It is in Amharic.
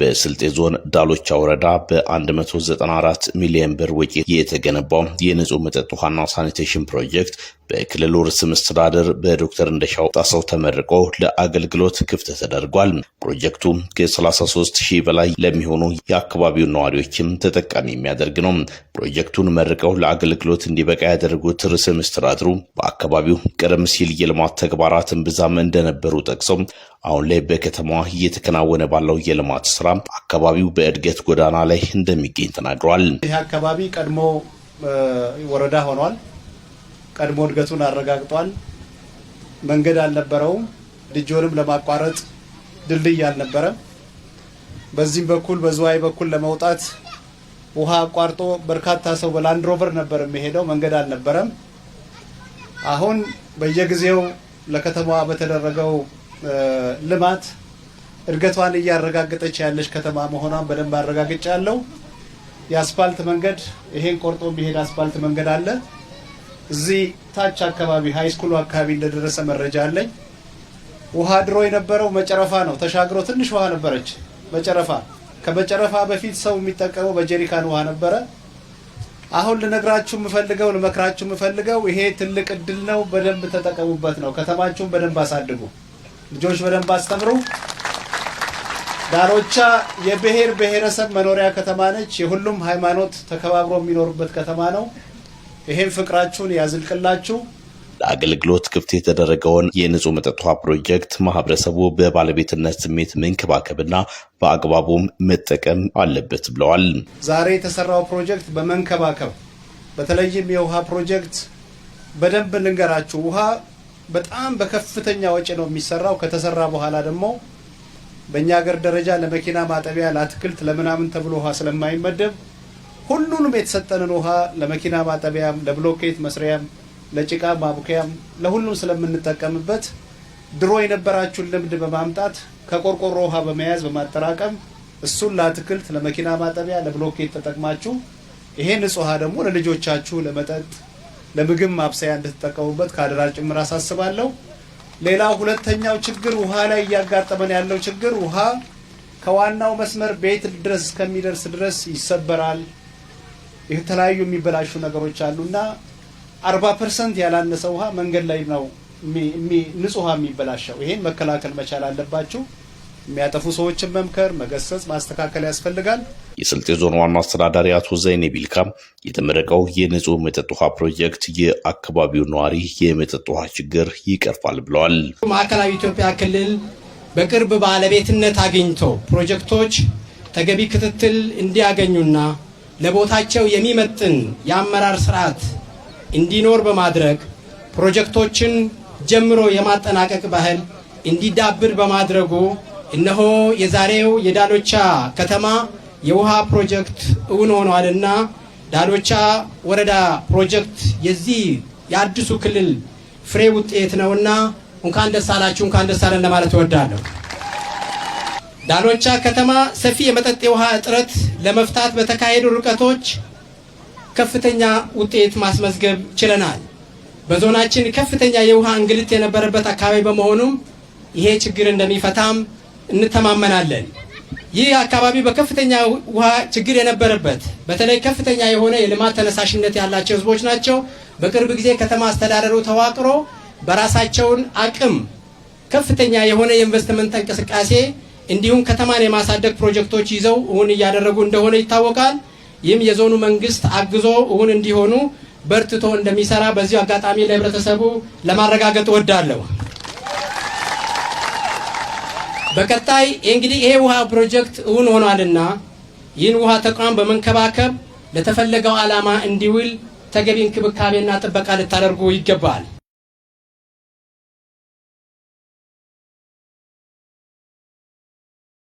በስልጤ ዞን ዳሎቻ ወረዳ በ194 ሚሊዮን ብር ወጪ የተገነባው የንጹህ መጠጥ ውሃና ሳኒቴሽን ፕሮጀክት በክልሉ ርዕሰ መስተዳድር በዶክተር እንደሻው ጣሰው ተመርቆ ለአገልግሎት ክፍት ተደርጓል። ፕሮጀክቱ ከ33 ሺህ በላይ ለሚሆኑ የአካባቢው ነዋሪዎችም ተጠቃሚ የሚያደርግ ነው። ፕሮጀክቱን መርቀው ለአገልግሎት እንዲበቃ ያደረጉት ርዕሰ መስተዳድሩ በአካባቢው ቀደም ሲል የልማት ተግባራትን ብዛም እንደነበሩ ጠቅሰው አሁን ላይ በከተማዋ እየተከናወነ ባለው የልማት ስራ አካባቢው በእድገት ጎዳና ላይ እንደሚገኝ ተናግሯል። ይህ አካባቢ ቀድሞ ወረዳ ሆኗል። ቀድሞ እድገቱን አረጋግጧል። መንገድ አልነበረውም። ልጆንም ለማቋረጥ ድልድይ አልነበረም። በዚህም በኩል በዝዋይ በኩል ለመውጣት ውሃ አቋርጦ በርካታ ሰው በላንድሮቨር ነበር የሚሄደው። መንገድ አልነበረም። አሁን በየጊዜው ለከተማዋ በተደረገው ልማት እድገቷን እያረጋገጠች ያለች ከተማ መሆኗን በደንብ አረጋግጫ ያለው የአስፋልት መንገድ ይሄን ቆርጦ የሚሄድ አስፋልት መንገድ አለ። እዚህ ታች አካባቢ ሃይስኩሉ አካባቢ እንደደረሰ መረጃ አለኝ። ውሃ ድሮ የነበረው መጨረፋ ነው። ተሻግሮ ትንሽ ውሃ ነበረች መጨረፋ። ከመጨረፋ በፊት ሰው የሚጠቀመው በጀሪካን ውሃ ነበረ። አሁን ልነግራችሁ የምፈልገው ልመክራችሁ የምፈልገው ይሄ ትልቅ እድል ነው። በደንብ ተጠቀሙበት ነው። ከተማችሁን በደንብ አሳድጉ። ልጆች በደንብ አስተምሩ። ዳሮቻ የብሔር ብሔረሰብ መኖሪያ ከተማ ነች። የሁሉም ሃይማኖት ተከባብሮ የሚኖሩበት ከተማ ነው። ይህም ፍቅራችሁን ያዝልቅላችሁ። ለአገልግሎት ክፍት የተደረገውን የንጹህ መጠጥ ውሃ ፕሮጀክት ማህበረሰቡ በባለቤትነት ስሜት መንከባከብና በአግባቡም መጠቀም አለበት ብለዋል። ዛሬ የተሰራው ፕሮጀክት በመንከባከብ በተለይም የውሃ ፕሮጀክት በደንብ ልንገራችሁ ውሃ በጣም በከፍተኛ ወጪ ነው የሚሰራው። ከተሰራ በኋላ ደግሞ በእኛ ሀገር ደረጃ ለመኪና ማጠቢያ፣ ለአትክልት፣ ለምናምን ተብሎ ውሃ ስለማይመደብ ሁሉንም የተሰጠንን ውሃ ለመኪና ማጠቢያም፣ ለብሎኬት መስሪያም፣ ለጭቃ ማቡኪያም፣ ለሁሉም ስለምንጠቀምበት ድሮ የነበራችሁን ልምድ በማምጣት ከቆርቆሮ ውሃ በመያዝ በማጠራቀም እሱን ለአትክልት፣ ለመኪና ማጠቢያ፣ ለብሎኬት ተጠቅማችሁ ይሄን ንጹህ ውሃ ደግሞ ለልጆቻችሁ ለመጠጥ ለምግብ ማብሰያ እንድትጠቀሙበት ከአደራ ጭምር አሳስባለሁ። ሌላ ሁለተኛው ችግር ውሃ ላይ እያጋጠመን ያለው ችግር ውሃ ከዋናው መስመር ቤት ድረስ እስከሚደርስ ድረስ ይሰበራል። የተለያዩ የሚበላሹ ነገሮች አሉና አርባ ፐርሰንት ያላነሰ ውሃ መንገድ ላይ ነው ንጹህ ውሃ የሚበላሸው። ይሄን መከላከል መቻል አለባችሁ። የሚያጠፉ ሰዎችን መምከር፣ መገሰጽ፣ ማስተካከል ያስፈልጋል። የስልጤ ዞን ዋና አስተዳዳሪ አቶ ዘይኔ ቢልካ የተመረቀው የንጹህ መጠጥ ውሃ ፕሮጀክት የአካባቢው ነዋሪ የመጠጥ ውሃ ችግር ይቀርፋል ብለዋል። ማዕከላዊ ኢትዮጵያ ክልል በቅርብ ባለቤትነት አግኝቶ ፕሮጀክቶች ተገቢ ክትትል እንዲያገኙና ለቦታቸው የሚመጥን የአመራር ስርዓት እንዲኖር በማድረግ ፕሮጀክቶችን ጀምሮ የማጠናቀቅ ባህል እንዲዳብር በማድረጉ እነሆ የዛሬው የዳሎቻ ከተማ የውሃ ፕሮጀክት እውን ሆኗልና ዳሎቻ ወረዳ ፕሮጀክት የዚህ የአዲሱ ክልል ፍሬ ውጤት ነውና እንኳን ደስ አላችሁ፣ እንኳን ደስ አለን ለማለት እወዳለሁ። ዳሎቻ ከተማ ሰፊ የመጠጥ የውሃ እጥረት ለመፍታት በተካሄዱ ርቀቶች ከፍተኛ ውጤት ማስመዝገብ ችለናል። በዞናችን ከፍተኛ የውሃ እንግልት የነበረበት አካባቢ በመሆኑም ይሄ ችግር እንደሚፈታም እንተማመናለን። ይህ አካባቢ በከፍተኛ ውሃ ችግር የነበረበት በተለይ ከፍተኛ የሆነ የልማት ተነሳሽነት ያላቸው ህዝቦች ናቸው። በቅርብ ጊዜ ከተማ አስተዳደሩ ተዋቅሮ በራሳቸውን አቅም ከፍተኛ የሆነ የኢንቨስትመንት እንቅስቃሴ እንዲሁም ከተማን የማሳደግ ፕሮጀክቶች ይዘው እውን እያደረጉ እንደሆነ ይታወቃል። ይህም የዞኑ መንግስት አግዞ እውን እንዲሆኑ በርትቶ እንደሚሰራ በዚሁ አጋጣሚ ለህብረተሰቡ ለማረጋገጥ እወዳለሁ። በቀጣይ እንግዲህ ይሄ ውሃ ፕሮጀክት እውን ሆኗልና ይህን ውሃ ተቋም በመንከባከብ ለተፈለገው ዓላማ እንዲውል ተገቢ እንክብካቤና ጥበቃ ልታደርጉ ይገባል።